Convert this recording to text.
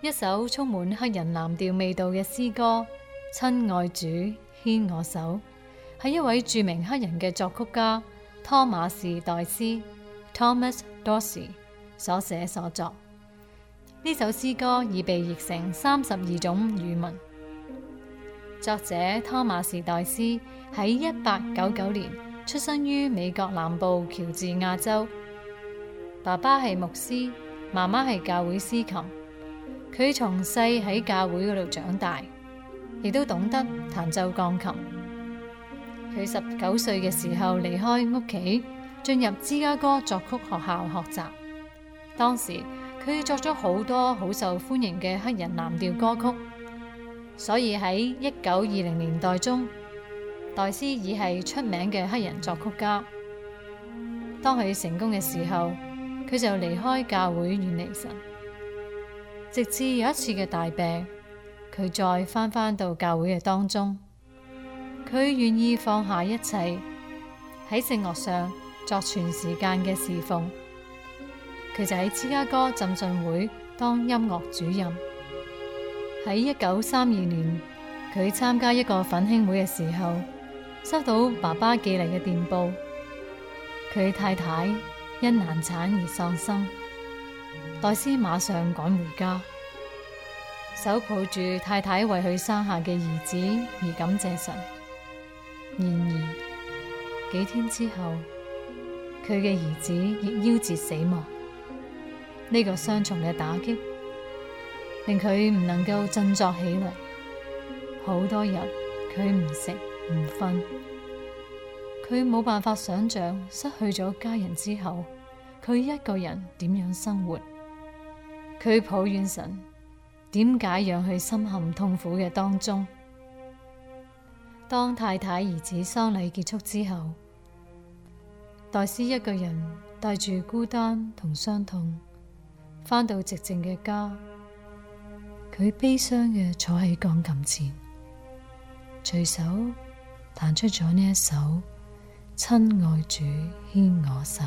一首充滿黑人藍調味道嘅詩歌《親愛主牽我手》，係一位著名黑人嘅作曲家托馬士代斯 （Thomas Dorsey） 所寫所作。呢首詩歌已被譯成三十二種語文。作者托馬士代斯喺一八九九年出生於美國南部喬治亞州，爸爸係牧師，媽媽係教會司琴。佢從細喺教會嗰度長大，亦都懂得彈奏鋼琴。佢十九歲嘅時候離開屋企，進入芝加哥作曲學校學習。當時佢作咗好多好受歡迎嘅黑人藍調歌曲，所以喺一九二零年代中，戴斯已係出名嘅黑人作曲家。當佢成功嘅時候，佢就離開教會，遠離神。直至有一次嘅大病，佢再翻返到教會嘅當中，佢願意放下一切喺聖樂上作全時間嘅侍奉。佢就喺芝加哥浸信會當音樂主任。喺一九三二年，佢參加一個奮興會嘅時候，收到爸爸寄嚟嘅電報，佢太太因難產而喪生。代斯馬上趕回家，手抱住太太為佢生下嘅兒子而感謝神。然而幾天之後，佢嘅兒子亦夭折死亡。呢個雙重嘅打擊令佢唔能夠振作起嚟。好多日佢唔食唔瞓，佢冇辦法想象失去咗家人之後。佢一個人點樣生活？佢抱怨神點解讓佢深陷痛苦嘅當中。當太太兒子喪禮結束之後，黛絲一個人帶住孤單同傷痛，返到寂靜嘅家，佢悲傷嘅坐喺鋼琴前，隨手彈出咗呢一首《親愛主牽我手》。